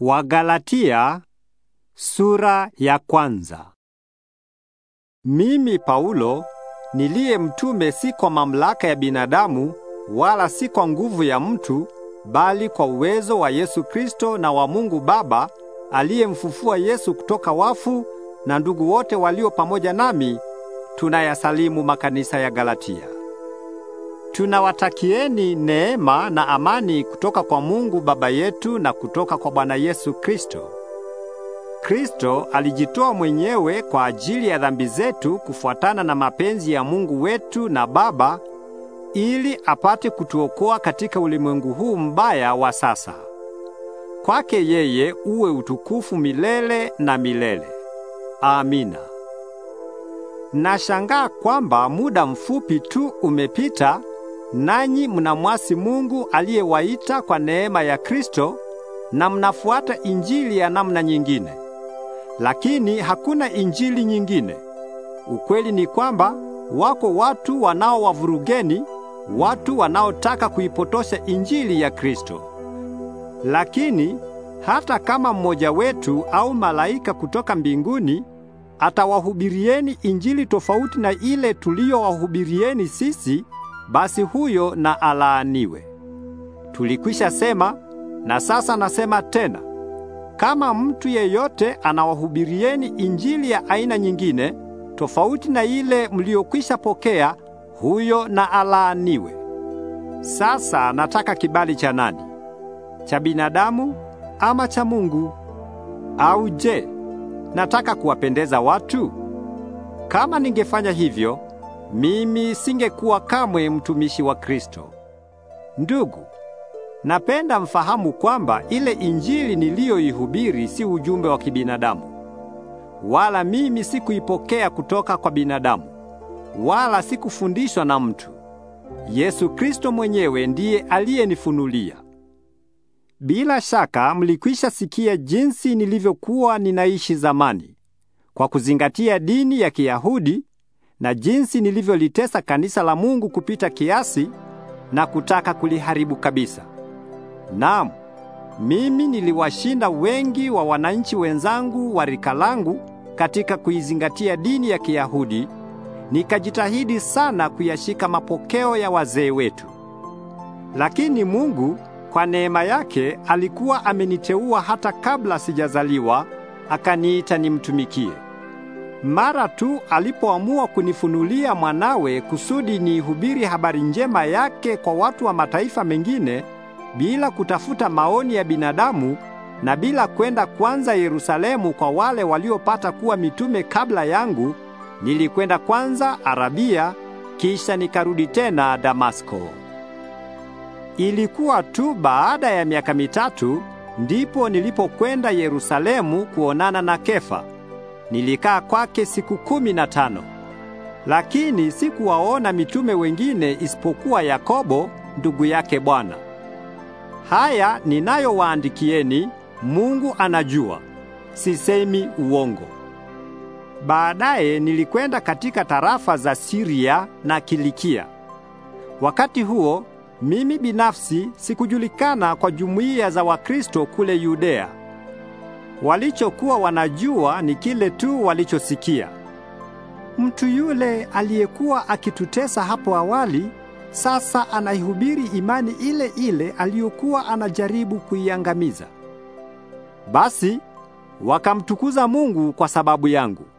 Wagalatia sura ya kwanza. Mimi Paulo niliye mtume si kwa mamlaka ya binadamu wala si kwa nguvu ya mtu bali kwa uwezo wa Yesu Kristo na wa Mungu Baba aliyemfufua Yesu kutoka wafu na ndugu wote walio pamoja nami tunayasalimu makanisa ya Galatia. Tunawatakieni neema na amani kutoka kwa Mungu Baba yetu na kutoka kwa Bwana Yesu Kristo. Kristo alijitoa mwenyewe kwa ajili ya dhambi zetu kufuatana na mapenzi ya Mungu wetu na Baba ili apate kutuokoa katika ulimwengu huu mbaya wa sasa. Kwake yeye uwe utukufu milele na milele. Amina. Nashangaa kwamba muda mfupi tu umepita nanyi mnamwasi Mungu aliyewaita kwa neema ya Kristo na mnafuata injili ya namna nyingine. Lakini hakuna injili nyingine. Ukweli ni kwamba wako watu wanaowavurugeni, watu wanaotaka kuipotosha injili ya Kristo. Lakini hata kama mmoja wetu au malaika kutoka mbinguni atawahubirieni injili tofauti na ile tuliyowahubirieni sisi, basi huyo na alaaniwe. Tulikwisha sema na sasa nasema tena, kama mtu yeyote anawahubirieni injili ya aina nyingine tofauti na ile mliyokwisha pokea, huyo na alaaniwe. Sasa nataka kibali cha nani? Cha binadamu ama cha Mungu? Au je, nataka kuwapendeza watu? Kama ningefanya hivyo mimi singekuwa kamwe mtumishi wa Kristo. Ndugu, napenda mfahamu kwamba ile injili niliyoihubiri si ujumbe wa kibinadamu. Wala mimi sikuipokea kutoka kwa binadamu. Wala sikufundishwa na mtu. Yesu Kristo mwenyewe ndiye aliyenifunulia. Bila shaka mlikwisha sikia jinsi nilivyokuwa ninaishi zamani kwa kuzingatia dini ya Kiyahudi na jinsi nilivyolitesa kanisa la Mungu kupita kiasi na kutaka kuliharibu kabisa. Naam, mimi niliwashinda wengi wa wananchi wenzangu wa rika langu katika kuizingatia dini ya Kiyahudi, nikajitahidi sana kuyashika mapokeo ya wazee wetu. Lakini Mungu kwa neema yake alikuwa ameniteua hata kabla sijazaliwa, akaniita nimtumikie mara tu alipoamua kunifunulia mwanawe kusudi niihubiri habari njema yake kwa watu wa mataifa mengine bila kutafuta maoni ya binadamu na bila kwenda kwanza Yerusalemu kwa wale waliopata kuwa mitume kabla yangu, nilikwenda kwanza Arabia kisha nikarudi tena Damasko. Ilikuwa tu baada ya miaka mitatu ndipo nilipokwenda Yerusalemu kuonana na Kefa Nilikaa kwake siku kumi na tano, lakini sikuwaona mitume wengine isipokuwa Yakobo ndugu yake Bwana. Haya ninayowaandikieni Mungu anajua, sisemi uongo. Baadaye nilikwenda katika tarafa za Siria na Kilikia. Wakati huo mimi binafsi sikujulikana kwa jumuiya za Wakristo kule Yudea. Walichokuwa wanajua ni kile tu walichosikia. Mtu yule aliyekuwa akitutesa hapo awali sasa anaihubiri imani ile ile aliyokuwa anajaribu kuiangamiza. Basi wakamtukuza Mungu kwa sababu yangu.